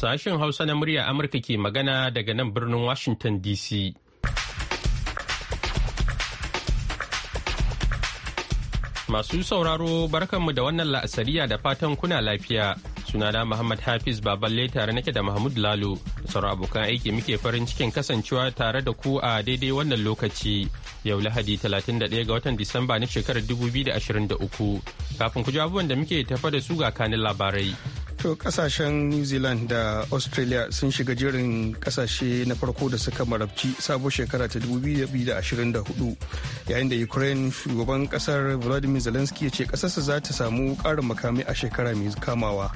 Sashen Hausa na murya Amurka ke magana daga nan birnin Washington DC. Masu sauraro barkanmu da wannan la'asariya da fatan kuna lafiya. suna Sunana Muhammad Hafiz Baballe tare nake da Mahmud Lalo. Sauran abokan aiki muke farin cikin kasancewa tare da ku a daidai wannan lokaci. Yau Lahadi 31 ga watan Disamba na shekarar 2023. Kafin ku ji abubuwan da muke tafa da su ga kanin labarai. To kasashen New Zealand da Australia sun shiga jerin kasashe na farko da suka marabci sabo shekara ta 2024 yayin da Ukraine shugaban kasar Volodymyr Zelensky ya ce kasarsa za ta samu karin makami a shekara mai kamawa.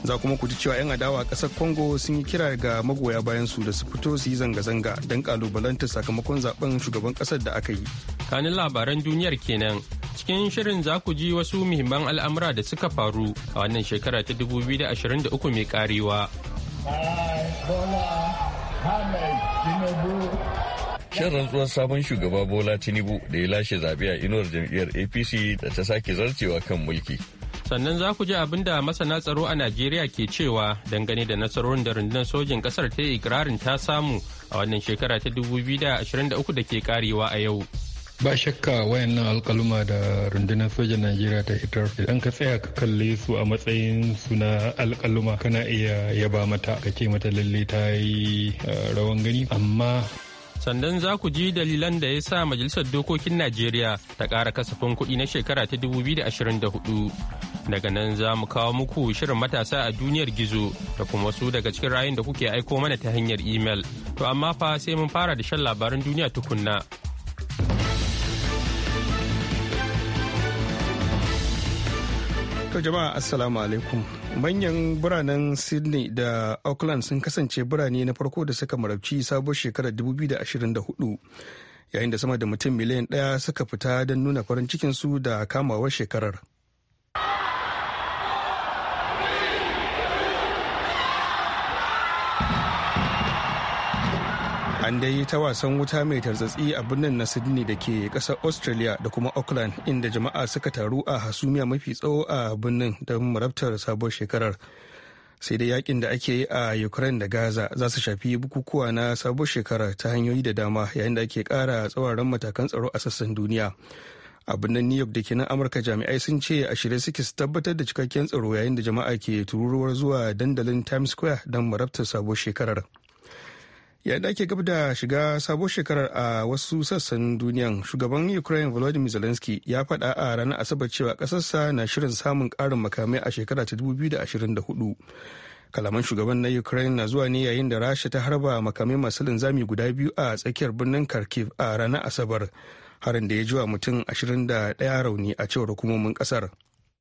Za kuma ku ji cewa 'yan adawa kasar Congo sun yi kira ga magoya bayan su da su fito su yi zanga-zanga don kalubalanta sakamakon zaben shugaban kasar da aka yi. Kanin labaran duniyar kenan cikin shirin za ku ji wasu muhimman al'amura da suka faru a wannan shekara ta 23 mai karewa. Shin rantsuwar sabon shugaba Bola Tinubu da ya lashe zaɓe a inuwar jam'iyyar APC da ta sake zarcewa kan mulki. Sannan za ku ji abin da masana tsaro a Najeriya ke cewa dangane da nasarorin da rundunar sojin kasar ta yi ikirarin ta samu a wannan shekara ta 2023 da ke karewa a yau. ba shakka wayannan alkaluma da rundunar sojan najeriya ta hitar idan ka tsaya ka kalle su a matsayin su na alkaluma kana iya yaba mata ka ce mata lalle ta yi eh, rawan gani amma sannan za ku ji dalilan da ya sa majalisar dokokin najeriya ta ƙara kasafin kuɗi na shekara ta 2024 daga nan za mu kawo muku shirin matasa a duniyar gizo da kuma su daga cikin rayun da kuke aiko mana ta hanyar imel to amma fa sai mun fara da shan labaran duniya tukunna To jama'a assalamu alaikum. Manyan biranen Sydney da Auckland sun kasance birane na farko da suka marabci sabuwar shekarar 2024 yayin da sama da mutum miliyan ɗaya suka fita don nuna farin cikinsu da kamawar shekarar. an dai ta wasan wuta mai tarzatsi a birnin na sydney da ke kasar australia da kuma auckland inda jama'a suka taru a hasumiya mafi tsawo a birnin don marabtar sabuwar shekarar sai dai yakin da ake yi a ukraine da gaza za su shafi bukukuwa na sabuwar shekarar ta hanyoyi da dama yayin da ake kara tsawaran matakan tsaro a sassan duniya a birnin new york da ke nan amurka jami'ai sun ce a shirye suke su tabbatar da cikakken tsaro yayin da jama'a ke tururuwar zuwa dandalin times square don marabtar sabuwar shekarar Ya da ake gab da shiga sabon shekarar a wasu sassan duniyan shugaban ukraine volodymyr zelensky ya faɗa a ranar asabar cewa ƙasarsa na shirin samun karin makamai a shekara ta 2024 kalaman shugaban na ukraine na zuwa ne yayin da rasha ta harba makamai masu linzami guda biyu a tsakiyar birnin kharkiv a ranar asabar harin da ya jiwa mutum 21 rauni a cewar hukumomin ƙasar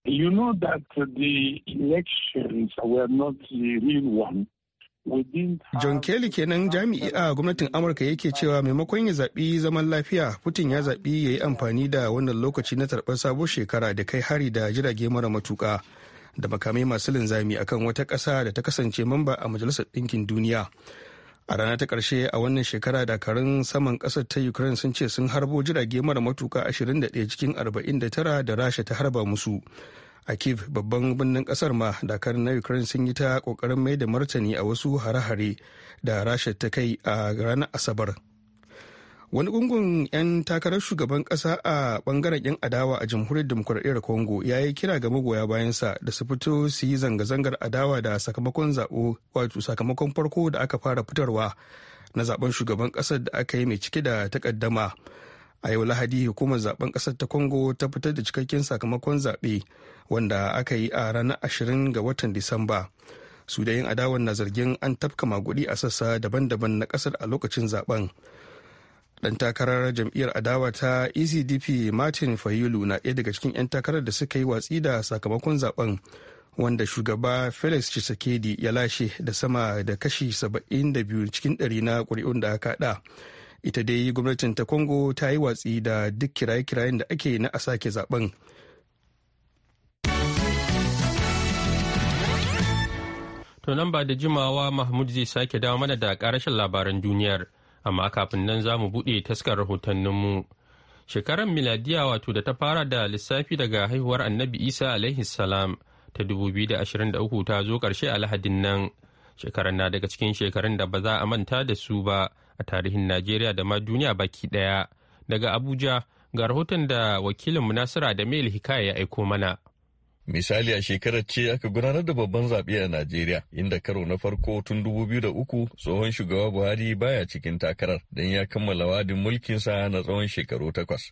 You know that the elections were not the real one. John Kelly kenan jami'i a gwamnatin Amurka yake cewa maimakon ya zaɓi zaman lafiya, Putin ya zaɓi ya yi amfani da wannan lokaci na tarɓar sabon shekara da kai hari da jirage mara matuka da makamai masu linzami a kan wata ƙasa da ta kasance mamba a Majalisar Ɗinkin Duniya. A rana ta ƙarshe a wannan shekara dakarun saman ƙasar ta Ukraine sun ce sun harbo jirage mara matuƙa 21 cikin 49 da Rasha ta harba musu. a kiev babban birnin kasar ma dakar na ukraine sun yi ta kokarin mai da martani a wasu hare-hare da rasha ta kai a ranar asabar wani gungun 'yan takarar shugaban kasa a bangaren 'yan adawa a jamhuriyar demokuraɗiyyar congo ya yi kira ga magoya bayansa da su fito su yi zanga-zangar adawa da sakamakon zaɓo wato sakamakon farko da aka fara fitarwa na zaben shugaban ƙasar da aka yi mai cike da takaddama a yau lahadi hukumar zaben kasar ta congo ta fitar da cikakken sakamakon zaɓe wanda aka yi a ranar 20 ga watan disamba su da yin adawar na zargin an tafka magudi a sassa daban-daban na ƙasar a lokacin zaben ɗan takarar jam'iyyar adawa ta ecdp martin fayulu na ɗaya daga cikin 'yan takarar da suka yi watsi da sakamakon zaben wanda shugaba felix chisekedi ya lashe da sama da kashi 72 cikin 100 na ƙuri'un da aka haɗa ita dai gwamnatin ta congo ta yi watsi da duk kiraye-kirayen da ake na a sake zaben To nan ba da jimawa Mahmud zai sake dawo mana da karashin labaran duniyar, amma kafin nan za mu buɗe taskar rahotanninmu. Shekarar miladiya wato da ta fara da lissafi daga haihuwar annabi Isa alaihi salam ta 2023 ta zo karshe a lahadin nan. Shekarar na daga cikin shekarun da ba za a manta da su ba a tarihin najeriya da ma duniya baki ɗaya daga abuja ga rahoton da wakilinmu nasira da mail hikaya ya aiko mana Misali a shekarar ce aka gudanar da babban zaɓe a Najeriya inda karo na farko tun 2003 tsohon shugaba Buhari baya cikin takarar don ya kammala wadin sa na tsawon shekaru takwas.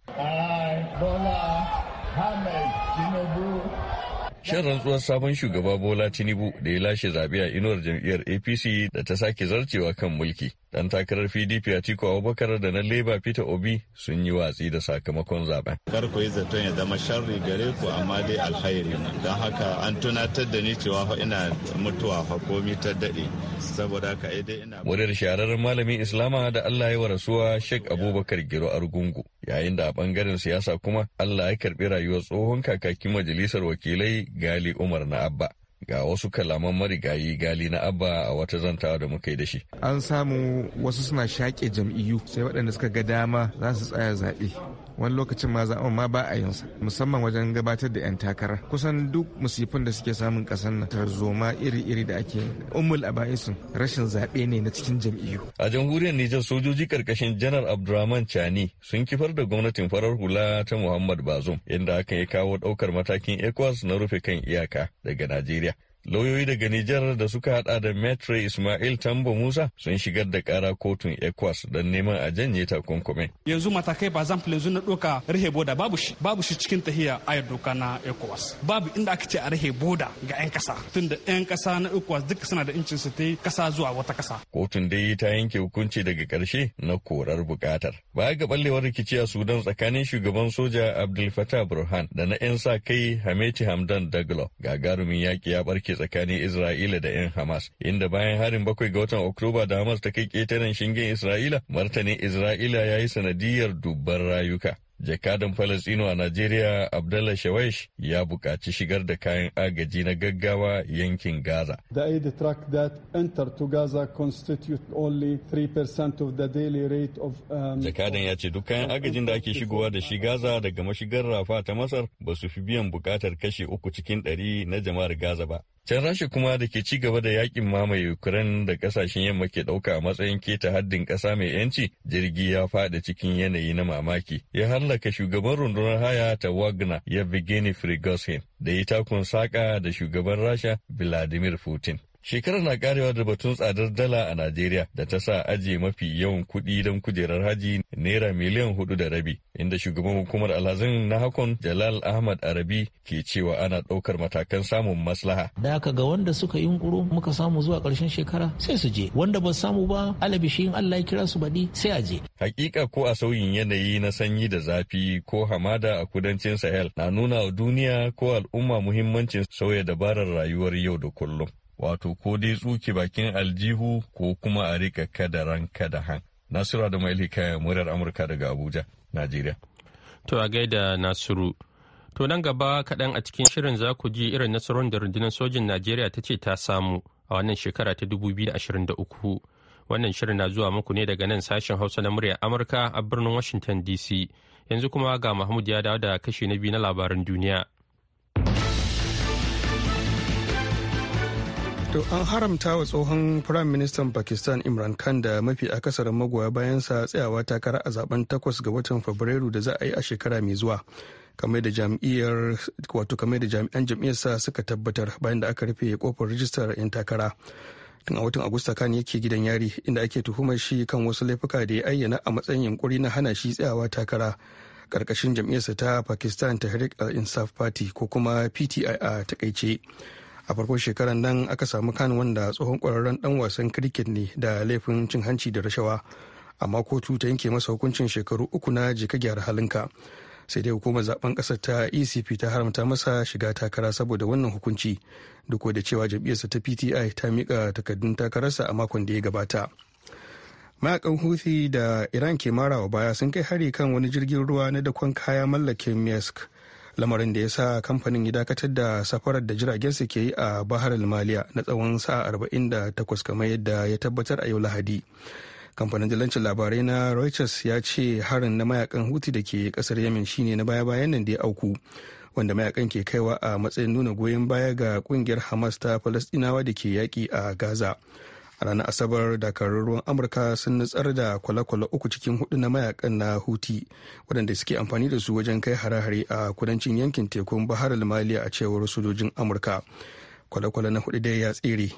Shin rantsuwar sabon shugaba Bola Tinubu da ya lashe zaɓe a inuwar jam'iyyar APC da ta sake zarcewa kan mulki. Dan takarar PDP a Tiko Abubakar da na Labour Peter Obi sun yi watsi da sakamakon zaben. Kar ku yi zaton ya zama sharri gare ku amma dai alhairi ne. Don haka an tunatar da ni cewa ina mutuwa fa komi ta daɗe. Saboda haka ai eh dai ina. wadar shahararren malamin Islama da Allah ya warasuwa Sheikh Abubakar Giro Argungu. Yayin da a bangaren siyasa kuma Allah ya karɓi rayuwar tsohon kakakin majalisar wakilai Gali Umar na Abba ga wasu kalaman marigayi gali na abba a wata zantawa da muka yi da shi an samu wasu suna shaƙe jam'iyyu sai waɗanda suka ga dama za su tsaya zaɓe wani lokacin ma za ma ba a yinsa musamman wajen gabatar da 'yan takara kusan duk musifin da suke samun ƙasar nan tarzoma iri-iri da ake umul a aba'isun rashin zaɓe ne na cikin jam'iyyu a jamhuriyar nijar sojoji karkashin janar abdulrahman chani sun kifar da gwamnatin farar hula ta muhammad bazum inda hakan ya kawo ɗaukar matakin ecowas na rufe kan iyaka daga najeriya Lauyoyi daga Nijar da suka hada da Metre Ismail Tambo Musa sun shigar da kara kotun ECOWAS don neman a janye takunkumin. Yanzu matakai ba zan yanzu na doka rahe boda babu shi babu shi cikin tahiya a doka na ECOWAS. Babu inda aka ce a rahe boda ga 'yan kasa tunda 'yan kasa na ECOWAS duka suna da incin su ta kasa zuwa wata kasa. Kotun dai ta yanke hukunci daga karshe na korar bukatar. Baya ga ballewar rikici a Sudan tsakanin shugaban soja Abdul Fattah Burhan da na 'yan sa kai Hameti Hamdan Daglo gagarumin yaƙi ya barke ke tsakanin Isra'ila da 'yan Hamas, inda bayan harin bakwai ga watan Oktoba da Hamas ta kai ƙetaren shingen Isra'ila, martanin Isra'ila ya yi sanadiyar dubban rayuka. Jakadan Falasino a Najeriya Abdallah Shawesh ya buƙaci shigar da kayan agaji na gaggawa yankin Gaza. The aid truck that Gaza constitute only 3% of the daily rate of um, Jakadan ya ce duk kayan agajin da ake shigowa da shi Gaza daga mashigar Rafa ta Masar ba su fi biyan buƙatar kashe uku cikin ɗari na jama'ar Gaza ba. Can Rasha kuma da ke ci gaba da yakin mamaye Ukraine da kasashen yamma ke dauka a matsayin keta haddin kasa mai yanci, jirgi ya fada cikin yanayi na mamaki. Ya hallaka shugaban rundunar haya ta Wagner ya Yevgeny frigoshin da ya takun saƙa da shugaban Rasha Vladimir Putin. Shekarar na karewa da batun tsadar dala a Najeriya da ta sa ajiye mafi yawan kuɗi don kujerar haji naira miliyan hudu da rabi, inda shugaban hukumar alhazin na hakon Jalal Ahmad Arabi ke cewa ana ɗaukar matakan samun maslaha. Da haka ga wanda suka yi muka samu zuwa ƙarshen shekara sai su je, wanda ba samu ba shi in Allah ya kira su baɗi sai a je. Hakika ko a sauyin yanayi na sanyi da zafi ko hamada a kudancin Sahel na nuna wa duniya ko al'umma muhimmancin sauya dabarar rayuwar yau da kullum. wato ko dai tsuke bakin aljihu ko kuma a rika kada han Nasiru da Maili kayan murar Amurka daga Abuja, Najeriya. To a gaida Nasiru. To nan gaba kaɗan a cikin shirin za ku ji irin nasarar da rundunar sojin Najeriya ta ce ta samu a wannan shekara ta 2023. Wannan shirin na zuwa muku ne daga nan sashen Hausa na muryar Amurka a birnin Washington DC. Yanzu kuma ga Mahmud ya dawo da kashi na biyu na labaran duniya. To an haramta wa tsohon Firayim Ministan Pakistan Imran Khan da mafi akasarin magoya sa tsayawa takara a zaben takwas ga watan Fabrairu da za a yi a shekara mai zuwa. kamar da jami'an jami'an jam'iyyarsa suka tabbatar bayan da aka rufe kofar rijistar 'yan takara tun a watan agusta kan yake gidan yari inda ake tuhumar shi kan wasu laifuka da ya ayyana a matsayin yunkuri na hana shi tsayawa takara karkashin jam'iyyarsa ta pakistan tahrik al-insaf party ko kuma pti a takaice a farkon shekaran nan aka samu kan wanda tsohon kwararren dan wasan kirket ne da laifin cin hanci da rashawa amma kotu ta yanke masa hukuncin shekaru uku na jika gyara halinka sai dai hukumar zaben kasar ta ecp ta haramta masa shiga takara saboda wannan hukunci duk da cewa jam'iyyarsa ta pti ta mika takardun takararsa a makon da ya gabata mayakan houthi da iran ke marawa baya sun kai hari kan wani jirgin ruwa na dakon kaya mallakin mesk lamarin da ya sa kamfanin ya dakatar da safarar da jiragen jiragensa ke yi a bahar maliya na tsawon sa'a da 48 kamar yadda ya tabbatar a yau lahadi kamfanin jalancin labarai na reuters ya ce harin na mayakan huti da ke kasar yemen shine na baya-bayan nan da ya auku wanda mayakan ke kaiwa a matsayin nuna goyon baya ga kungiyar hamas ta falastinawa da ke yaƙi a gaza ranar asabar dakarun ruwan amurka sun nutsar da kwale-kwale uku cikin hudu na mayakan na huti waɗanda suke amfani da su wajen kai hare-hare a kudancin yankin tekun bahar maliya a cewar sojojin amurka kwale-kwale na hudu dai ya tsere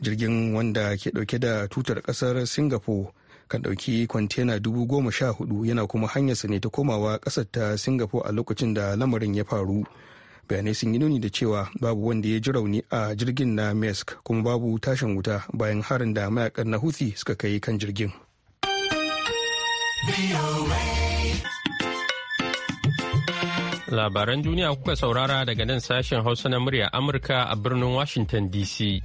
jirgin wanda ke dauke da tutar kasar singapore kan dauki kwantena dubu goma sha hudu yana kuma hanyarsa ne ta komawa kasar ta singapore a lokacin da lamarin ya faru bayanai sun yi nuni da cewa babu wanda ya ji rauni a jirgin na mesk kuma babu tashin wuta bayan harin da mayakan na houthi suka kai kan jirgin labaran duniya kuka saurara daga nan sashen hausa na murya amurka a birnin washington dc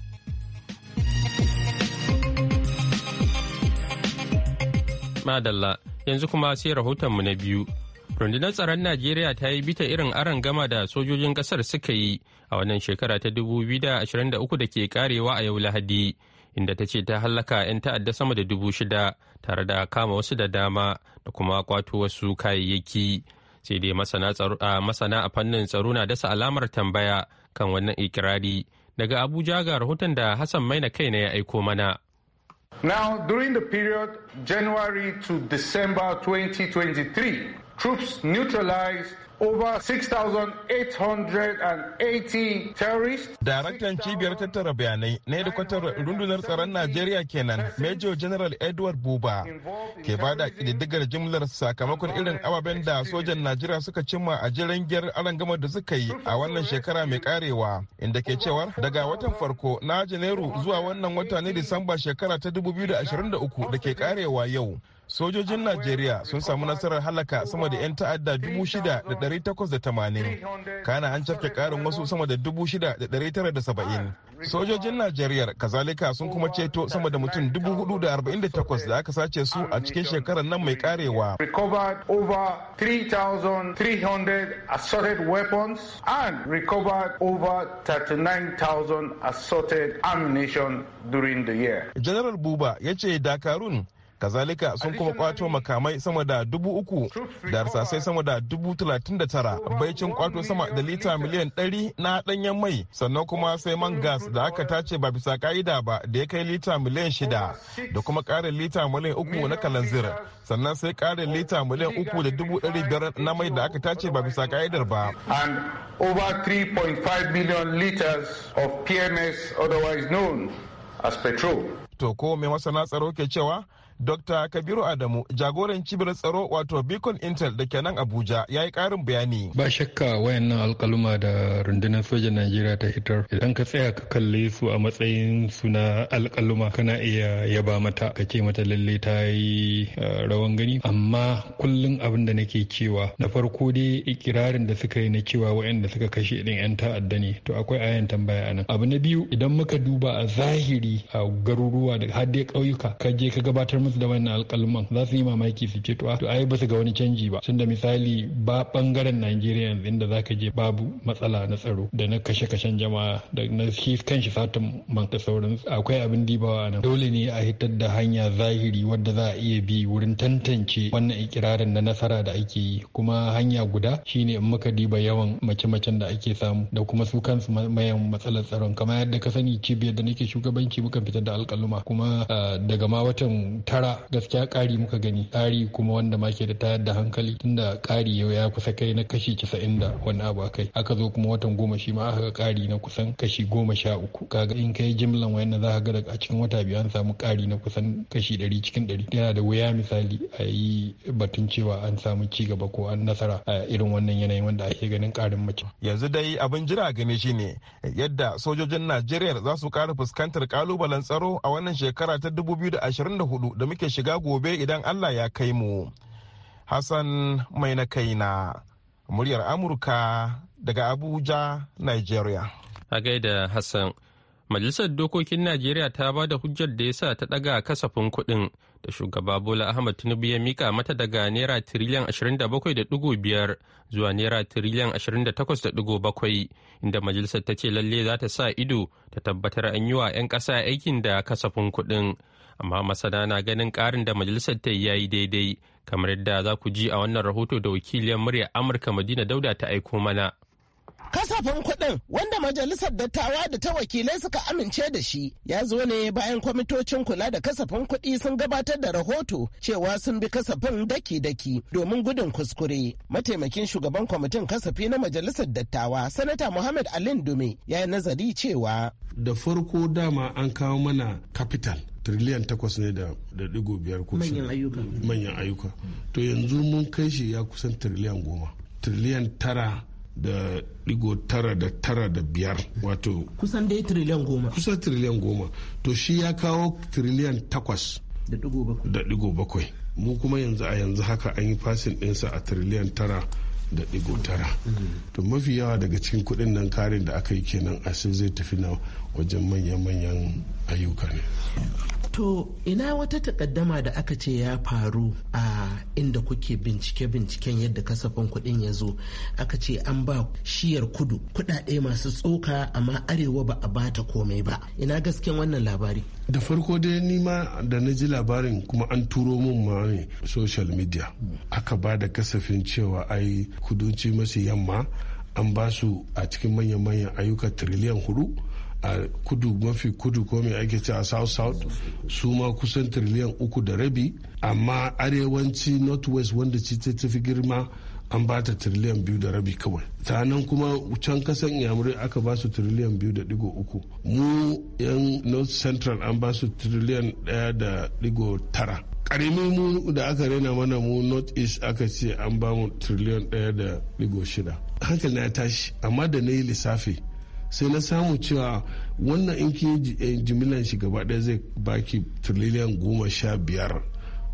madalla yanzu kuma sai rahotonmu na biyu rundunar tsaron najeriya ta yi bita irin aron gama da sojojin kasar suka yi a wannan shekara ta 2023 da ke karewa a yau lahadi inda ta ce ta hallaka 'yan ta'adda sama da dubu shida tare da kama wasu da dama da kuma kwato wasu kayayyaki sai dai masana a fannin tsaro na dasa alamar tambaya kan wannan ikirari daga abuja ga rahoton da hassan maina kai na ya aiko mana Now, during the period January to December 2023, troops neutralized over 6,880 terrorists. Daraktan cibiyar tattara bayanai na hedikwatar rundunar tsaron Najeriya kenan, Major General Edward Buba, ke bada kididdigar jimlar sakamakon irin ababen da sojan Najeriya suka cimma a jirangiyar arangamar da suka yi a wannan shekara mai karewa, inda ke cewar daga watan farko na Janairu zuwa wannan wata ne Disamba shekara ta 2023 da ke karewa yau. sojojin najeriya sun samu nasarar halaka sama da 'yan ta'adda 6,880 kana an cafke karin wasu sama da 6,970 sojojin najeriya kazalika sun kuma ceto sama da mutum 448 da aka sace su a cikin shekarar nan mai karewa General Buba ya ce Dakarun kazalika sun kuma kwato makamai sama da dubu uku da harsasai sama da dubu talatin da tara baicin kwato sama da lita miliyan ɗari na ɗanyen mai sannan kuma sai man gas da aka tace ba bisa ka'ida ba da ya kai lita miliyan shida da kuma ƙarin lita miliyan uku na kalanzir sannan sai ƙarin lita miliyan uku da dubu ɗari biyar na mai da aka tace ba bisa ka'idar ba. And over 3.5 million liters of PMS otherwise known as petrol. To ko mai masana tsaro ke cewa Dr. Kabiru Adamu jagoran cibiyar tsaro wato Beacon Intel da ke nan Abuja ya yi ƙarin bayani. Ba shakka wayannan alkaluma da rundunar sojan Najeriya ta hitar idan ka tsaya ka kalle su a matsayin suna alkaluma kana iya yaba mata ka ce mata lalle ta yi eh, rawan gani amma kullum abin da nake cewa na farko dai ikirarin da suka yi na cewa wayanda suka kashe din yan ta'adda ne to akwai ayan tambaya anan. Abu na biyu idan muka duba a zahiri a garuruwa da har dai ƙauyuka ka je ka gabatar musu da wannan alkalman za su yi mamaki su ce to ai ba su ga wani canji ba tunda misali ba bangaren Najeriya yanzu inda ka je babu matsala na tsaro da na kashe-kashen jama'a da na shi kanshi fatan man da sauran akwai abin dibawa nan dole ne a hitar da hanya zahiri wadda za a iya bi wurin tantance wannan ikirarin na nasara da ake yi kuma hanya guda shine in muka diba yawan mace-macen da ake samu da kuma su kansu mayan matsalar tsaron kamar yadda ka sani cibiyar da nake shugabanci muka fitar da alkaluma kuma daga ma watan ta karkara gaskiya ƙari muka gani ƙari kuma wanda ma ke da tayar da hankali tunda ƙari yau ya kusa kai na kashi casa'in da wani abu akai aka zo kuma watan goma shi ma aka ƙari na kusan kashi goma sha uku kaga in kai jimlan wayan za ka ga a cikin wata biyu an samu ƙari na kusan kashi ɗari cikin ɗari yana da wuya misali a yi batun cewa an samu ci gaba ko an nasara a irin wannan yanayin wanda ake ganin ƙarin mace. yanzu dai abin jira gani ne yadda sojojin najeriya za su ƙara fuskantar ƙalubalen tsaro a wannan shekara ta 2024 da muke shiga gobe idan Allah ya kai mu. Hassan mai na kaina muryar Amurka daga Abuja, Nigeria. A gaida Hassan, Majalisar Dokokin Najeriya ta ba da hujjar da ya sa ta daga kasafin kuɗin da shugaba Bola Ahmad Tinubu ya mika mata daga Naira tiriliyan 27.5 zuwa Naira tiriliyan 28.7 inda majalisar ta ce lalle za ta sa ido ta tabbatar an yi wa 'yan ƙasa aikin da kasafin kuɗin. amma masana na ganin karin da majalisar ta yi daidai kamar yadda za ku ji a wannan rahoto da wakiliyar murya amurka madina dauda ta aiko mana kasafin kuɗin wanda majalisar dattawa da ta wakilai suka amince da shi ya zo ne bayan kwamitocin kula da kasafin kuɗi sun gabatar da rahoto cewa sun bi kasafin daki-daki domin gudun kuskure mataimakin shugaban kwamitin kasafi na majalisar dattawa sanata muhammad alin dume ya yi nazari cewa da farko dama an kawo mana capital triliyan takwas ne da ɗigo biyar Kusa manyan ayyuka to yanzu mun kai shi ya kusan triliyan goma triliyan tara da ɗigo tara da tara da biyar wato kusan dai triliyan goma kusan triliyan goma to shi ya kawo triliyan takwas da ɗigo bakwai mu kuma yanzu a yanzu haka an yi fasin ɗinsa a triliyan tara da ɗigo tara mm. to mafi yawa daga cikin kuɗin nan karin da aka yi kenan a sai zai tafi na wajen manyan-manyan ayyuka ne To ina wata takaddama da aka ce ya faru a inda kuke bincike-binciken yadda kasafin kuɗin ya zo aka ce an ba shiyar kudu kuɗaɗe masu tsoka amma arewa ba a bata komai ba ina gasken wannan labari. Da farko dai nima da na ji labarin kuma an turo mun ma ne social media aka ba da kasafin cewa ai kudunci masu yamma an ba su a cikin manya-manyan ayyuka tiriliyan hudu. a kudu mafi kudu ko mai ake ce a south south su ma kusan tiriliyan uku da rabi amma arewanci west wanda ci ta tafi girma an ba ta triliyan biyu da rabi kawai sanan kuma can kasan yamurai aka ba su triliyan biyu da digo uku mu yan north central an ba su triliyan daya da digo tara karimi mu da aka rena mana mu north east aka ce an ba mu triliyan daya da digo shida hankali na tashi amma da na yi lissafi sai na samu cewa wannan in kin eh, jimilan shi gaba ɗaya zai baki tiriliyan goma sha biyar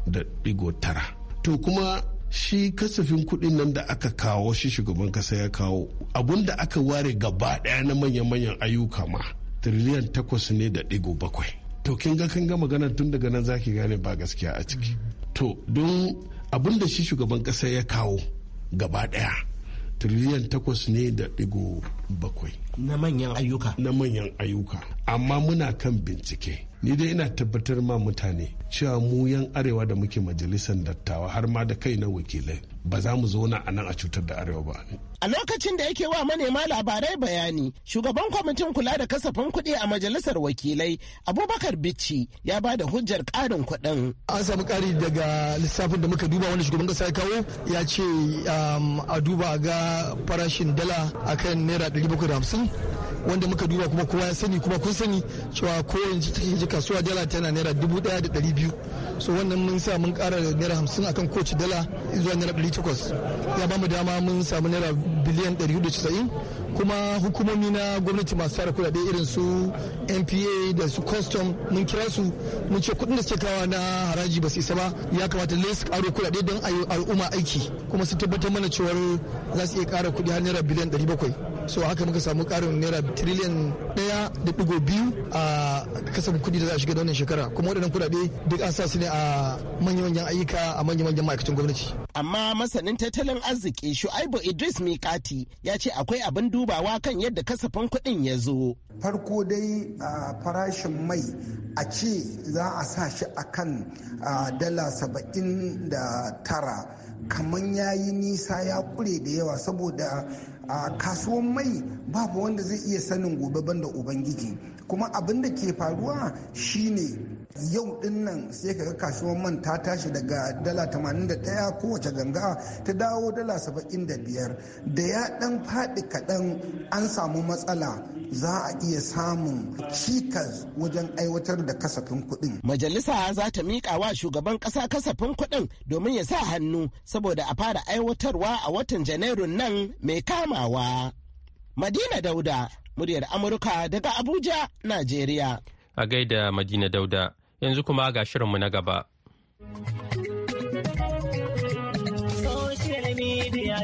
da ɗigo tara to kuma shi kasafin kuɗin nan da aka kawo shi shugaban kasa ya kawo abun da aka ware gaba ɗaya na manya-manyan ayyuka ma trillion takwas ne da ɗigo bakwai to kin ga kan ga magana tun daga nan zaki gane ba gaskiya a ciki mm-hmm. to don abun da shi shugaban kasa ya kawo gaba ɗaya tiriliyan takwas ne da digo bakwai na manyan ayyuka na manyan ayyuka amma muna kan bincike ni dai ina tabbatar ma mutane cewa mu yan arewa da muke majalisar dattawa har ma da kai na wakilai ba za mu zauna a nan a cutar da arewa ba a lokacin da yake wa manema labarai bayani shugaban kwamitin kula da kasafin kuɗi a majalisar wakilai abubakar bici ya ba da hujjar karin kuɗin an samu ƙari daga lissafin da muka duba wani shugaban kasa ya kawo ya ce um, a duba ga farashin dala akan naira 750 wanda muka duba kuma kowa ya sani kuma kun sani cewa ko yanzu take ji kasuwa dala tana naira dubu daya da dari biyu so wannan mun sa mun kara naira hamsin akan kowace dala zuwa naira dari takwas ya bamu dama mun samu naira biliyan dari hudu casa'in kuma hukumomi na gwamnati masu tara kudade irin su npa da su custom mun kira su mun ce kudin da suke kawa na haraji ba su isa ba ya kamata lai su karo kudade don al'umma aiki kuma su tabbatar mana cewar za su iya kara kudi har naira biliyan dari bakwai. so haka muka samu karin naira triliyan ɗaya da digo biyu a kasafin kuɗi da za a shiga da wannan shekara kuma waɗannan kuɗaɗe duk an sa su ne a manya-manyan ayyuka a manya-manyan ma'aikatan gwamnati. amma masanin tattalin arziki shu'aibu idris mikati ya ce akwai abin dubawa kan yadda kasafin kuɗin ya zo. farko dai farashin mai a ce za a sa shi a akan dala saba'in da tara kamar ya yi nisa ya kure da yawa saboda a kasuwan mai babu wanda zai iya sanin gobe banda ubangiji kuma abin da ke faruwa shine yau din nan sai ka ga kasuwar man ta tashi daga dala 81 kowace ganga ta dawo dala 75 da ya dan faɗi kaɗan an samu matsala za a iya samun cikas wajen aiwatar da kasafin kuɗin. Majalisa za ta miƙa wa shugaban ƙasa kasafin kuɗin domin ya sa hannu saboda a fara aiwatarwa a watan Janairun nan mai kamawa. Madina Dauda, muryar Amurka daga Abuja, Najeriya. A gaida Madina Dauda. yanzu kuma ga shirinmu na gaba.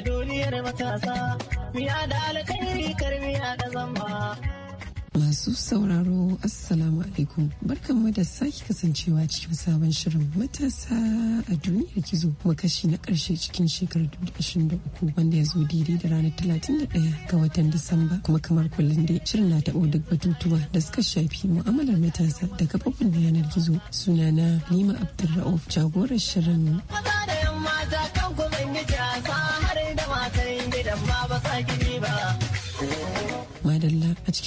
duniyar matasa, miya da karmi karmiya da zamba. Masu sauraro Assalamu alaikum barkanmu da sake kasancewa cikin sabon shirin matasa a duniyar gizo makashi na karshe cikin shekarar 2023 wanda ya zo daidai da ranar 31 ga watan Disamba kuma kamar kullum dai shirin na taɓo duk batutuwa da suka shafi mu'amalar matasa da kafofin yanar gizo sunana Nima Abdulrauf jagorar shirin. Maza da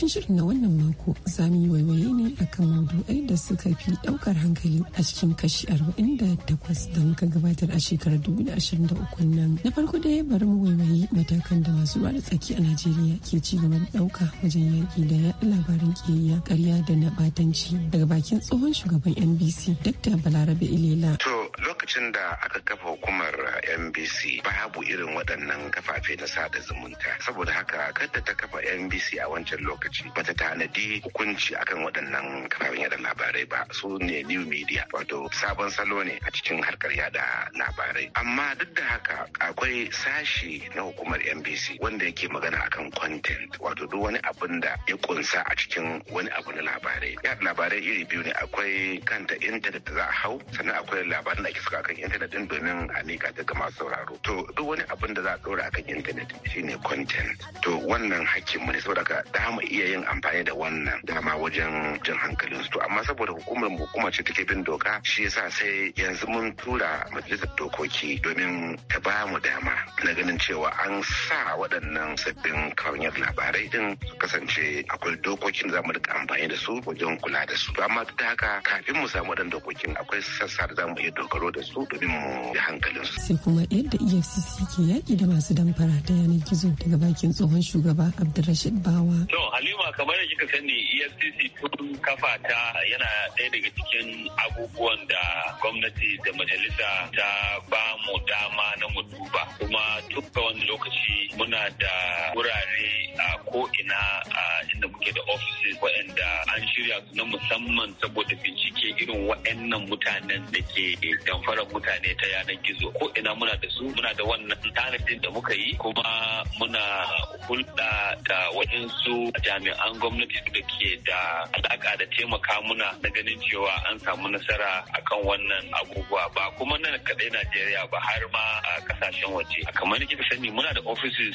cikin shirin na wannan mako za mu yi waiwaye ne akan maudu'ai da suka fi daukar hankali a cikin kashi 48 da muka gabatar a shekarar 2023 nan. Na farko dai bari mu waiwaye matakan da masu ruwa da tsaki a Najeriya ke ci gaba da dauka wajen yaki da ya labarin ƙiyayya karya da na batanci daga bakin tsohon shugaban NBC Dr. Balarabe Ilela. To lokacin da aka kafa hukumar uh, NBC babu irin waɗannan kafafe na sada zumunta saboda haka kada ta kafa NBC a wancan lokacin ba bata tanadi hukunci akan waɗannan kafafen yada labarai ba su ne new media wato sabon salo ne a cikin harkar yada labarai amma duk da haka akwai sashi na hukumar NBC wanda yake magana akan content wato duk wani abin da ya kunsa a cikin wani abu na labarai yada labarai iri biyu ne akwai kanta intanet da za a hau sannan akwai labarin da ake saka akan intanet din domin a mika ta ga masu sauraro to duk wani abin da za a ɗora akan intanet shine content to wannan hakkin mu ne saboda ka dama iya yin amfani da wannan dama wajen jin hankalin su amma saboda hukumar mu hukuma ce take bin doka shi yasa sai yanzu mun tura majalisar dokoki domin ta ba mu dama na ganin cewa an sa waɗannan sabbin kawunyar labarai din su kasance akwai dokokin za mu rika amfani da su wajen kula da su amma duk da haka kafin mu samu waɗannan dokokin akwai sassa da za mu iya dogaro da su domin mu ji hankalin su. sai kuma yadda efcc ke yaki da masu damfara ta yanar gizo daga bakin tsohon shugaba abdulrashid bawa. Halima kamar da kika sani EFCC tun kafa ta yana ɗaya daga cikin abubuwan da gwamnati da majalisa ta ba mu dama na mu duba kuma tun da wani lokaci muna da wurare a koina a inda muke da ofisi waɗanda an shirya su na musamman saboda bincike irin waɗannan mutanen da ke damfarar mutane ta yanar gizo koina ina muna da su muna da wannan tanadin da muka yi kuma muna hulɗa da waɗansu a jami'an gwamnati da ke da alaƙa da taimaka muna na ganin cewa an samu nasara akan wannan abubuwa ba kuma nan kaɗai Najeriya ba har ma a kasashen waje. Kamar da kika sani muna da offices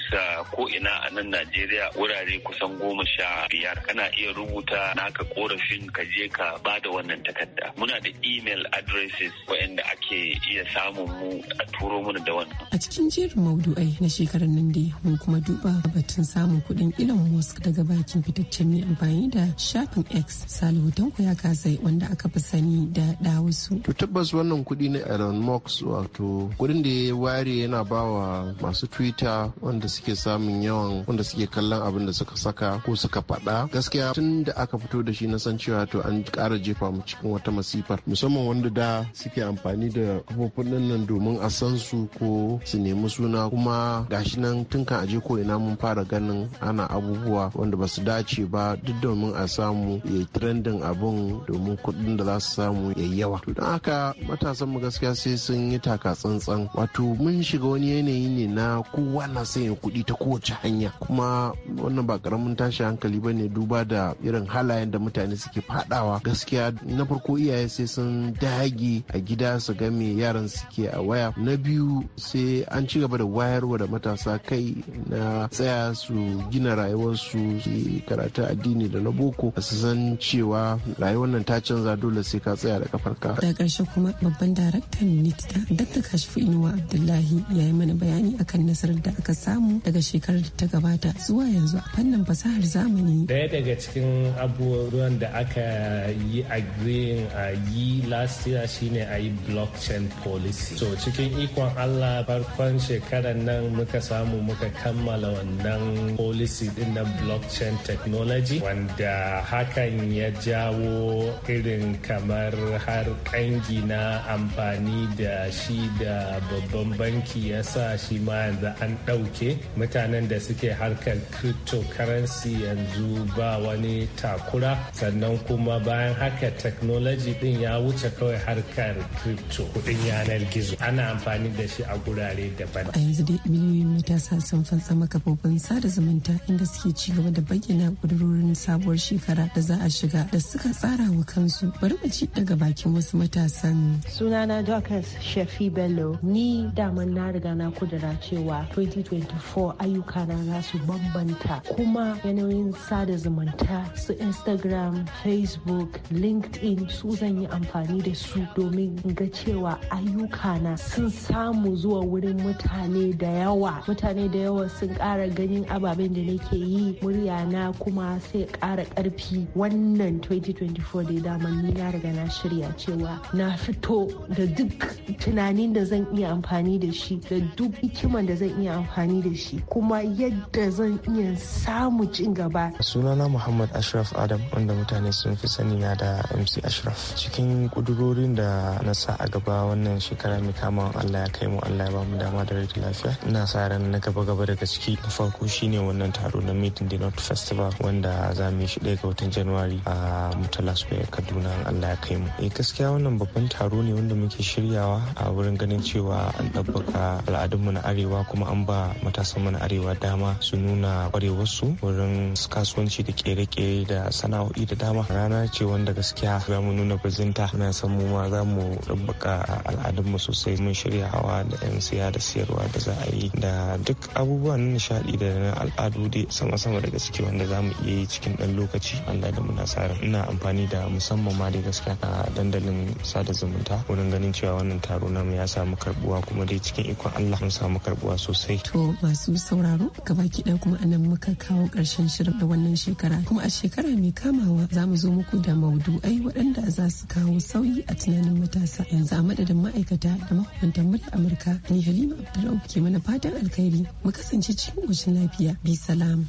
ko ina a nan Najeriya wurare kusan goma sha biyar kana iya rubuta naka korafin ka je ka ba da wannan takarda. Muna da email addresses waɗanda ake iya samun mu a turo mana da wannan. A cikin jerin maudu'ai na shekarar nan dai mun kuma duba batun samun kuɗin ilan Musk daga baki mawakin fitaccen mai amfani da shafin X Salihu Tanko ya kasai wanda aka fi sani da Dawusu. To tabbas wannan kuɗi na Elon Musk wato kuɗin da ya ware yana bawa masu Twitter wanda suke samun yawan wanda suke kallon abin da suka saka ko suka faɗa. Gaskiya tun da aka fito da shi na san cewa to an kara jefa mu cikin wata masifar musamman wanda da suke amfani da kafofin nan domin a san su ko su nemi suna kuma gashi nan tun kan aje ko ina mun fara ganin ana abubuwa wanda ba su su dace ba duk domin a samu ya trendin abun domin kuɗin da za su samu ya yawa to don haka matasan mu gaskiya sai sun yi taka tsantsan wato mun shiga wani yanayi ne na kowa na sanya kuɗi ta kowace hanya kuma wannan ba karamin tashi hankali ba ne duba da irin halayen da mutane suke fadawa gaskiya na farko iyaye sai sun dage a gida su ga me yaran suke a waya na biyu sai an ci gaba da wayarwa da matasa kai na tsaya su gina rayuwarsu su yi karatun addini da na boko su san cewa rayuwar nan ta canza dole sai ka tsaya da kafarka. Da ƙarshe kuma babban daraktan NIT Dr. Kashfu Inuwa Abdullahi ya yi mana bayani akan nasarar da aka samu daga shekarar da ta gabata zuwa yanzu a fannin fasahar zamani. Daya daga cikin abubuwan da aka yi agreeing a yi last year shine a yi blockchain policy. So cikin ikon Allah farkon shekarar nan muka samu muka kammala wannan policy din na blockchain technology wanda hakan ya jawo irin kamar har kangi na amfani da shi da babban banki ya sa shi ma yanzu an ɗauke mutanen da suke harkar cryptocurrency yanzu ba wani takura sannan kuma bayan haka technology din ya wuce kawai harkar crypto kudin yanar gizo ana amfani da shi a gurare daban a yanzu dai miliyoyin matasa sun fansa makafofin sada zumunta inda suke ci gaba da bayyana bayyana kudurorin sabuwar shekara da za a shiga da suka tsara wa kansu bari mu ci daga bakin wasu matasan. Sunana Dorcas Shafi Bello ni daman na riga na kudura cewa 2024 ayyukana na za su bambanta kuma yanayin sada zumunta su Instagram, Facebook, LinkedIn su zan yi amfani da su domin ga cewa ayyukana sun samu zuwa wurin mutane da yawa. Mutane da yawa sun ƙara ganin ababen da nake yi muryana. na kuma sai ƙara ƙarfi wannan 2024 da daman ni na riga na shirya cewa na fito da duk tunanin da zan iya amfani da shi da duk hikiman da zan iya amfani da shi kuma yadda zan iya samu cin gaba. Sunana Muhammad Ashraf Adam wanda mutane sun fi sani na da MC Ashraf. Cikin kudurorin da na sa a gaba wannan shekara mai kama Allah ya kai mu Allah ya ba mu dama da rai da lafiya. Ina sa ran na gaba gaba daga ciki na farko shine wannan taro na meeting the North festival wanda za mu yi shi ɗaya ga watan januwari a mutala square kaduna allah ya kai mu e gaskiya wannan babban taro ne wanda muke shiryawa a wurin ganin cewa an ɗabbaka al'adunmu na arewa kuma an ba mu na arewa dama su nuna su wurin kasuwanci da ƙere-ƙere da sana'o'i da dama rana ce wanda gaskiya za mu nuna bazinta muna san mu ma za mu ɗabbaka al'adunmu sosai mun shirya hawa da 'yan siya da siyarwa da za a yi da duk abubuwan nishaɗi da na al'adu dai sama-sama da gaskiya. wanda za mu iya yi cikin ɗan lokaci allah da muna sa ina amfani da musamman ma dai gaskiya a dandalin sada zumunta wurin ganin cewa wannan taro na mu ya samu karbuwa kuma dai cikin ikon allah mun samu karbuwa sosai to masu sauraro baki ɗaya kuma anan muka kawo ƙarshen shirin da wannan shekara kuma a shekara mai kamawa za mu zo muku da maudu'ai waɗanda za su kawo sauyi a tunanin matasa yanzu a madadin ma'aikata da mahukuntan murya amurka ni halima abdulrahman ke mana fatan alkhairi mu kasance cikin ƙoshin lafiya bi salam.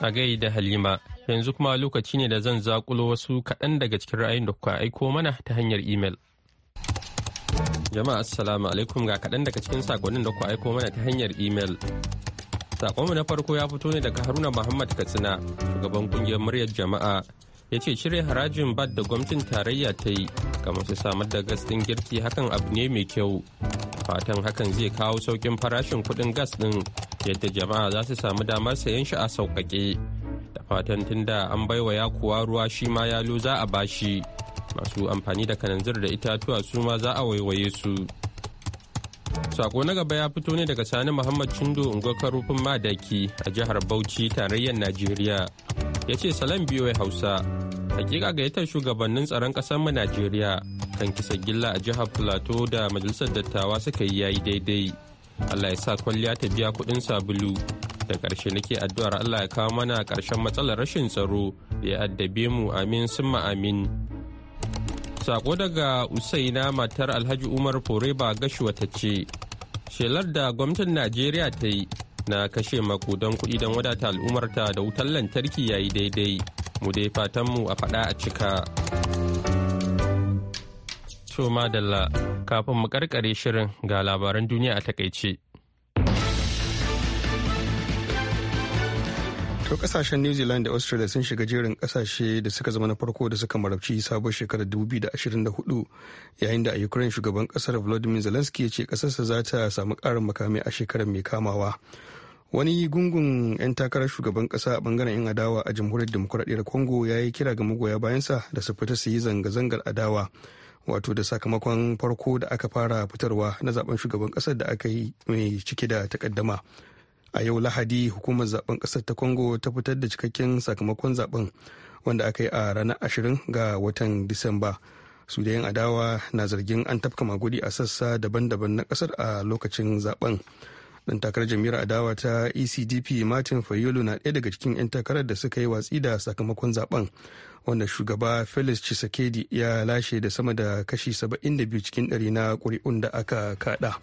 A da Halima, yanzu kuma lokaci ne da zan zakulo wasu kaɗan daga cikin ra'ayin da kuka aiko mana ta hanyar imel. Jama'a assalamu alaikum ga kaɗan daga cikin sakonnin da kuka aiko mana ta hanyar imel. Sakonmu na farko ya fito ne daga Haruna Muhammad Katsina, shugaban ƙungiyar muryar jama'a ya ce cire harajin bad da gwamnatin tarayya ta yi ga masu samar da gas ɗin girki hakan abu ne mai kyau fatan hakan zai kawo saukin farashin kuɗin gas ɗin yadda jama'a za su samu damar sayan shi a sauƙaƙe da fatan tunda an baiwa yakuwa ruwa shi ma ya lo za a bashi masu amfani da kananzir da itatuwa su ma za a waiwaye su sako na gaba ya fito ne daga sani muhammad cindo ungwaka rufin madaki a jihar bauchi tarayyar najeriya ya ce salam biyo hausa hakika gayyatar shugabannin tsaron kasar mu najeriya kan kisa gilla a jihar plateau da majalisar dattawa suka yi yayi daidai allah ya sa kwalliya ta biya kudin sabulu da ƙarshe nake addu'ar allah ya kawo mana karshen matsalar rashin tsaro da ya addabe mu amin summa amin sako daga usaina matar alhaji umar ba gashuwa ta ce shelar da gwamnatin najeriya ta yi na kashe makudan kuɗi don wadata al'ummarta da wutar lantarki yayi daidai mu dai fatan mu a faɗa a cika. To madalla kafin mu karkare shirin ga labaran duniya a takaice. To kasashen New Zealand da Australia sun shiga jerin kasashe da suka zama na farko da suka marabci sabon shekarar 2024 yayin da a Ukraine shugaban kasar Volodymyr Zelensky ya ce kasarsa za ta samu karin makami a shekarar mai kamawa. wani gungun 'yan takarar shugaban kasa a bangaren 'yan adawa a jamhuriyar demokuraɗiyyar congo ya yi kira ga magoya bayansa da su fita su yi zanga-zangar adawa wato da sakamakon farko da aka fara fitarwa na zaben shugaban kasar da aka yi mai ciki da takaddama a yau lahadi hukumar zaben kasar ta congo ta fitar da cikakken sakamakon zaben wanda aka yi a ranar 20 ga watan disamba su da yin adawa na zargin an tafka magudi a sassa daban-daban na kasar a lokacin zaben dan takarar jam'iyyar adawa ta ecdp martin fayolo na ɗaya daga cikin 'yan takarar da suka yi watsi da sakamakon zaben wanda shugaba felix chisakedi ya lashe da sama da kashi 72 cikin ɗari na ƙuri'un da aka kaɗa.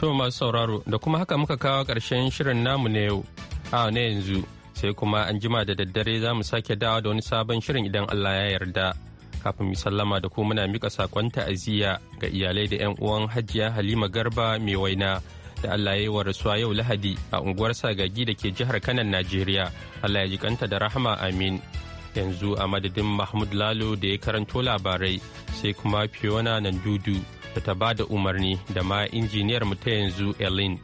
to masu sauraro da kuma haka muka kawo ƙarshen shirin namu na yau a na yanzu sai kuma an jima da daddare za mu sake dawa da wani sabon shirin idan allah ya yarda kafin mu sallama da kuma muna mika sakon ta'aziyya ga iyalai da 'yan uwan hajiya halima garba mai waina da Allah ya yi wa rasuwa yau Lahadi a unguwar Sagagi da ke jihar Kanan Najeriya. Allah ya ji kanta da rahama amin. Yanzu a madadin Mahmud Lalo da ya karanto labarai sai kuma Fiona Nandudu da ta ba da umarni da ma injiniyar mu ta yanzu Elin.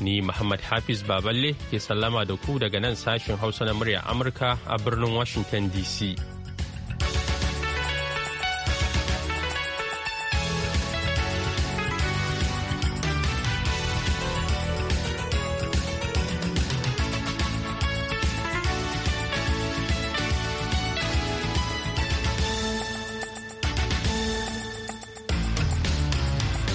Ni Muhammad Hafiz Baballe ke sallama da ku daga nan sashen Hausa na murya Amurka a birnin Washington DC.